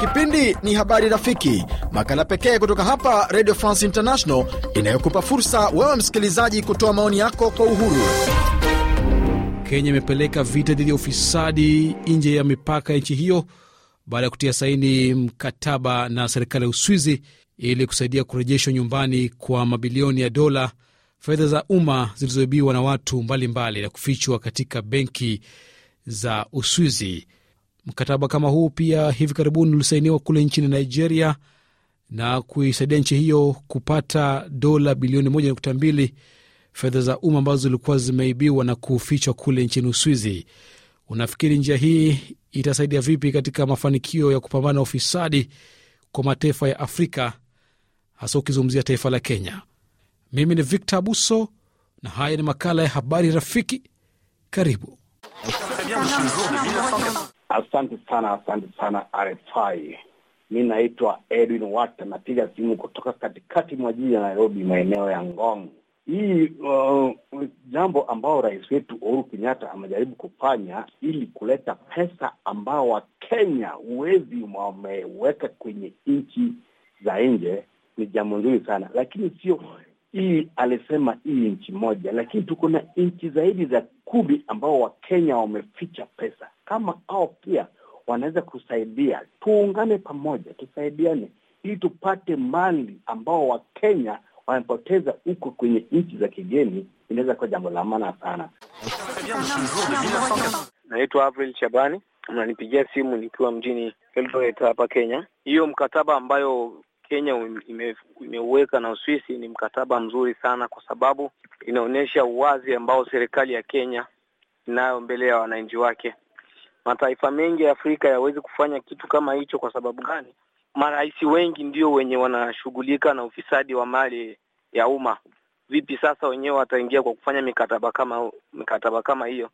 Kipindi ni Habari Rafiki, makala pekee kutoka hapa Radio France International inayokupa fursa wewe msikilizaji kutoa maoni yako kwa uhuru. Kenya imepeleka vita dhidi ya ufisadi nje ya mipaka ya nchi hiyo baada ya kutia saini mkataba na serikali ya Uswizi ili kusaidia kurejeshwa nyumbani kwa mabilioni ya dola, fedha za umma zilizoibiwa na watu mbalimbali mbali na kufichwa katika benki za Uswizi. Mkataba kama huu pia hivi karibuni ulisainiwa kule nchini Nigeria na kuisaidia nchi hiyo kupata dola bilioni moja nukta mbili fedha za umma ambazo zilikuwa zimeibiwa na kufichwa kule nchini Uswizi. Unafikiri njia hii itasaidia vipi katika mafanikio ya kupambana ufisadi kwa mataifa ya Afrika, hasa ukizungumzia taifa la Kenya? Mimi ni Victor Abuso na haya ni makala ya Habari Rafiki. Karibu. Asante sana, asante sana RFI. Mi naitwa Edwin Wata, napiga simu kutoka katikati mwa jiji ya Nairobi, maeneo ya Ngong. Hii uh, jambo ambao rais wetu Uhuru Kenyatta amejaribu kufanya ili kuleta pesa ambao Wakenya wezi wameweka kwenye nchi za nje ni jambo nzuri sana, lakini sio hii alisema hii nchi moja, lakini tuko na nchi zaidi za kumi ambao Wakenya wameficha pesa. Kama au pia wanaweza kusaidia, tuungane pamoja, tusaidiane ili tupate mali ambao Wakenya wamepoteza huko kwenye nchi za kigeni. Inaweza kuwa jambo la maana sana. Naitwa Avril Shabani, mnanipigia simu nikiwa mjini Eldoret hapa Kenya. Hiyo mkataba ambayo Kenya imeuweka na Uswisi ni mkataba mzuri sana, kwa sababu inaonyesha uwazi ambao serikali ya Kenya inayo mbele ya wananchi wake. Mataifa mengi ya Afrika yawezi kufanya kitu kama hicho. Kwa sababu gani? Marais wengi ndio wenye wanashughulika na ufisadi wa mali ya umma. Vipi sasa wenyewe wataingia kwa kufanya mikataba kama mikataba kama hiyo?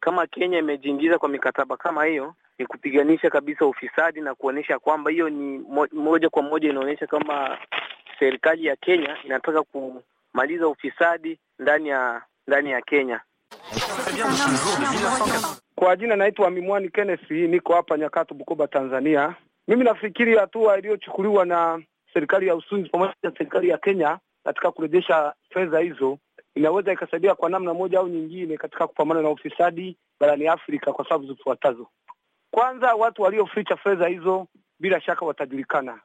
Kama Kenya imejiingiza kwa mikataba kama hiyo, ni kupiganisha kabisa ufisadi na kuonyesha kwamba hiyo ni moja kwa moja inaonyesha kama serikali ya Kenya inataka kumaliza ufisadi ndani ya ndani ya Kenya. Kwa jina naitwa Mimwani Kenneth, niko hapa Nyakato, Bukoba, Tanzania. Mimi nafikiri hatua iliyochukuliwa na serikali ya Usunzi pamoja na serikali ya Kenya katika kurejesha fedha hizo inaweza ikasaidia kwa namna moja au nyingine katika kupambana na ufisadi barani Afrika kwa sababu zifuatazo. Kwanza watu walioficha fedha hizo bila shaka watajulikana.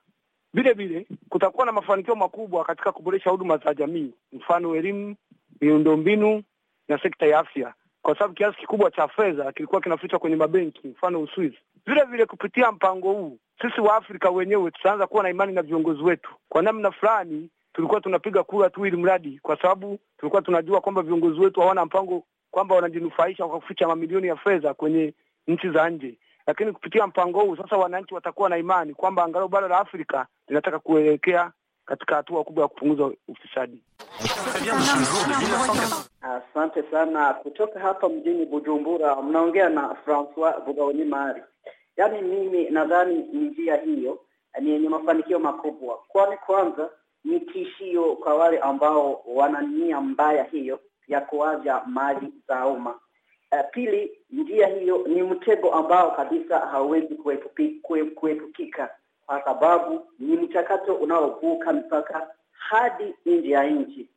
Vile vile kutakuwa na mafanikio makubwa katika kuboresha huduma za jamii, mfano elimu, miundombinu na sekta ya afya, kwa sababu kiasi kikubwa cha fedha kilikuwa kinafichwa kwenye mabenki, mfano Uswizi. Vile vile kupitia mpango huu sisi Waafrika wenyewe tutaanza kuwa na imani na viongozi wetu. Kwa namna fulani tulikuwa tunapiga kura tu ili mradi, kwa sababu tulikuwa tunajua kwamba viongozi wetu hawana mpango, kwamba wanajinufaisha kwa kuficha mamilioni ya fedha kwenye nchi za nje lakini kupitia mpango huu sasa wananchi watakuwa na imani kwamba angalau bara la Afrika linataka kuelekea katika hatua kubwa ya kupunguza ufisadi. Asante sana. Kutoka hapa mjini Bujumbura, mnaongea na Francois mari Yaani mimi nadhani ni njia hiyo ni yenye mafanikio makubwa, kwani kwanza ni tishio kwa wale ambao wana nia mbaya hiyo ya kuaja mali za umma Uh, pili, njia hiyo ni mtego ambao kabisa hauwezi kuepukika kwa sababu ni mchakato unaovuka mpaka hadi nje ya nchi.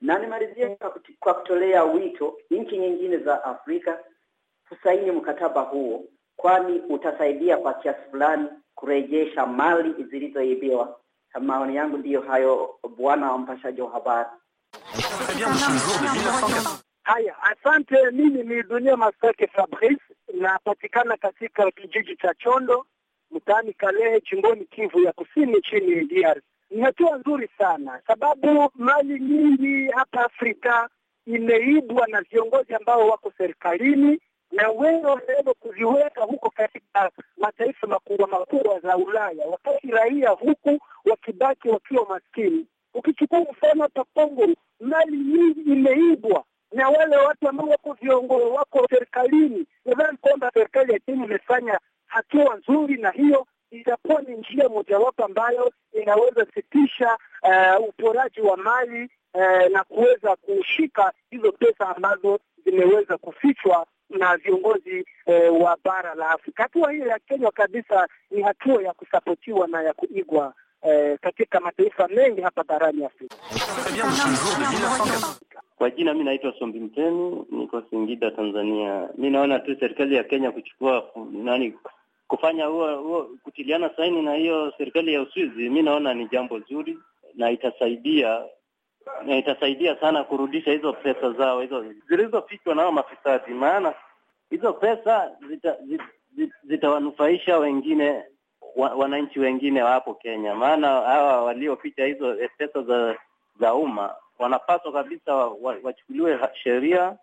Na nimalizia kwa kutolea wito nchi nyingine za Afrika kusaini mkataba huo, kwani utasaidia kwa kiasi fulani kurejesha mali zilizoibiwa. Maoni yangu ndiyo hayo, bwana mpashaji wa habari. Haya, asante. Mimi ni Dunia Masake Fabrice, napatikana katika kijiji cha Chondo mtaani Kalehe, jimboni Kivu ya Kusini, nchini DRC. Ni hatua nzuri sana, sababu mali nyingi hapa Afrika imeibwa na viongozi ambao wako serikalini na wewe wanaweza kuziweka huko katika mataifa makubwa makubwa za Ulaya, wakati raia huku wakibaki wakiwa maskini. Ukichukua mfano hapa Kongo, mali nyingi imeibwa na wale watu ambao wako viongozi wako serikalini. Nadhani kwamba serikali ya Kenya imefanya hatua nzuri, na hiyo itakuwa ni njia mojawapo ambayo inaweza sitisha uh, uporaji wa mali uh, na kuweza kushika hizo pesa ambazo zimeweza kufichwa na viongozi uh, wa bara la Afrika. Hatua hiyo ya Kenya kabisa ni hatua ya kusapotiwa na ya kuigwa uh, katika mataifa mengi hapa barani Afrika. Kwa jina mi naitwa Sombi Mtemi, niko Singida, Tanzania. Mi naona tu serikali ya Kenya kuchukua nani, kufanya huo huo kutiliana saini na hiyo serikali ya Uswizi, mi naona ni jambo zuri na itasaidia na itasaidia sana kurudisha hizo pesa zao hizo zilizofichwa nao mafisadi, maana hizo pesa zitawanufaisha zita wengine wa, wananchi wengine wapo Kenya, maana hawa walioficha hizo pesa za za umma wanapaswa kabisa wachukuliwe wa sheria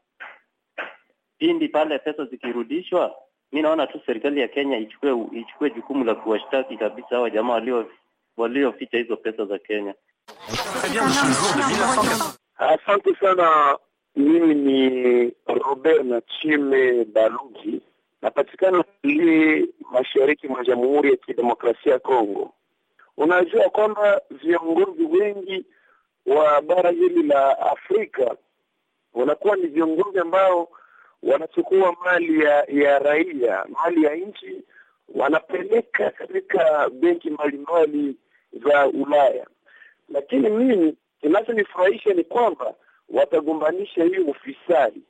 pindi pale pesa zikirudishwa. Mi naona tu serikali ya Kenya ichukue ichukue jukumu la kuwashtaki kabisa hawa jamaa walio walioficha hizo pesa za Kenya. Asante sana. Mimi ni Robert Nachime Balugi, napatikana li mashariki mwa Jamhuri ya Kidemokrasia ya Kongo. Unajua kwamba viongozi wengi wa bara hili la Afrika wanakuwa ni viongozi ambao wanachukua mali ya, ya raia, mali ya nchi, wanapeleka katika benki mbalimbali za Ulaya. Lakini mimi kinachonifurahisha ni kwamba watagombanisha hii ufisadi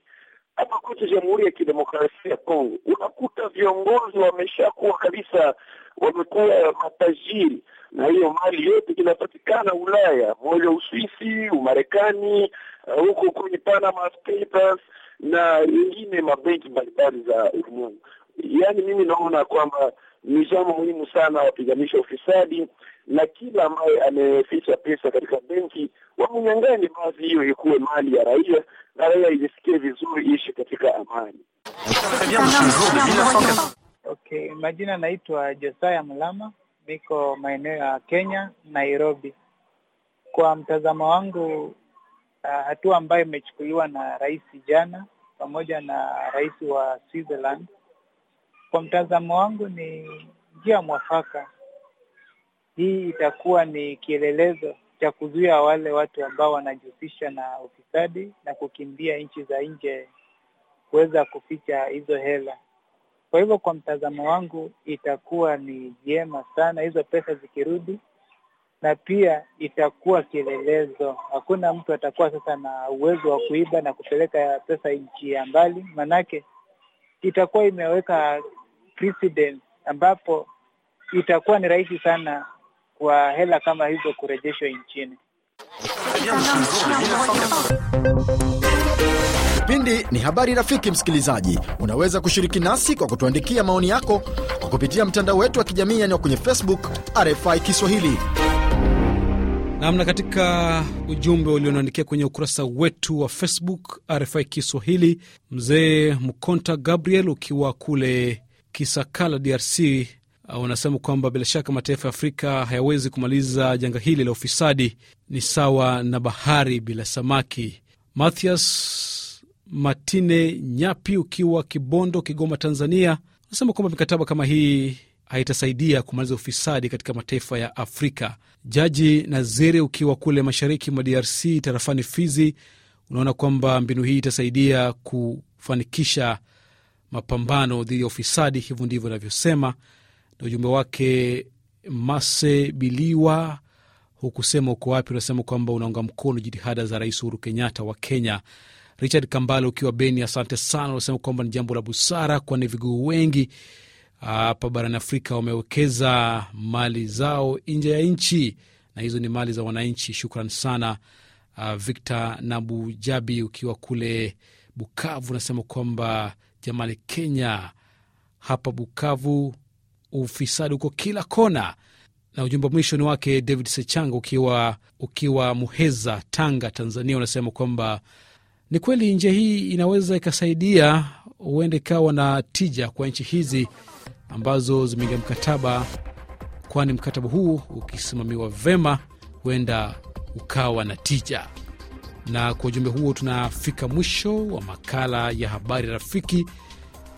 hapa kwetu Jamhuri ya Kidemokrasia ya Kongo unakuta viongozi wameshakuwa kabisa, wamekuwa matajiri, na hiyo mali yote inapatikana Ulaya moja, Uswisi, Umarekani, uh, huko uh, kwenye Panama Papers na wengine mabenki mbalimbali za ulimwengu. Yaani mimi naona kwamba ni jambo muhimu sana wapiganisha ufisadi, na kila ambaye ameficha pesa katika benki wamnyang'anye, basi hiyo ikuwe mali ya raia na raia vizuri, ishi katika amani. Okay, majina naitwa Josaya Mlama, niko maeneo ya Kenya, Nairobi. Kwa mtazamo wangu, uh, hatua ambayo imechukuliwa na rais jana pamoja na rais wa Switzerland, kwa mtazamo wangu ni njia mwafaka. Hii itakuwa ni kielelezo cha kuzuia wale watu ambao wanajihusisha na ufisadi na kukimbia nchi za nje kuweza kuficha hizo hela. Kwa hivyo, kwa mtazamo wangu, itakuwa ni jema sana hizo pesa zikirudi, na pia itakuwa kielelezo. Hakuna mtu atakuwa sasa na uwezo wa kuiba na kupeleka pesa nchi ya mbali, manake itakuwa imeweka ambapo itakuwa ni rahisi sana kwa hela kama hizo kurejeshwa nchini. Kipindi ni habari. Rafiki msikilizaji, unaweza kushiriki nasi kwa kutuandikia maoni yako kwa kupitia mtandao wetu wa kijamii yani kwenye Facebook RFI Kiswahili namna katika ujumbe ulionaandikia kwenye ukurasa wetu wa Facebook RFI Kiswahili, mzee Mkonta Gabriel ukiwa kule Kisakala, DRC, Uh, wanasema kwamba bila shaka mataifa ya Afrika hayawezi kumaliza janga hili la ufisadi, ni sawa na bahari bila samaki. Mathias Matine Nyapi ukiwa Kibondo, Kigoma, Tanzania, unasema kwamba mikataba kama hii haitasaidia kumaliza ufisadi katika mataifa ya Afrika. Jaji Naziri ukiwa kule mashariki mwa DRC tarafani Fizi, unaona kwamba mbinu hii itasaidia kufanikisha mapambano dhidi ya ufisadi. Hivyo ndivyo inavyosema na ujumbe wake Mase Biliwa hukusema uko wapi, unasema kwamba unaunga mkono jitihada za Rais Uhuru Kenyatta wa Kenya. Richard Kambale ukiwa Beni, asante sana, unasema kwamba ni jambo la busara, kwani viguu wengi ah, hapa barani Afrika wamewekeza mali zao nje ya nchi na hizo ni mali za wananchi. Shukran sana. Uh, Victor Nabujabi ukiwa kule Bukavu unasema kwamba jamani, Kenya hapa Bukavu ufisadi huko kila kona. Na ujumbe wa mwisho ni wake David sechang ukiwa, ukiwa Muheza, Tanga, Tanzania, unasema kwamba ni kweli njia hii inaweza ikasaidia, huende ikawa na tija kwa nchi hizi ambazo zimeingia mkataba, kwani mkataba huu ukisimamiwa vema huenda ukawa na tija. Na kwa ujumbe huo tunafika mwisho wa makala ya habari rafiki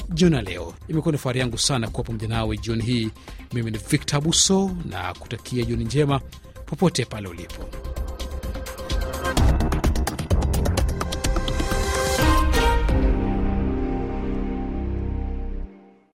jioni ya leo. Imekuwa ni fahari yangu sana kuwa pamoja nawe jioni hii. Mimi ni Victor Buso na kutakia jioni njema popote pale ulipo.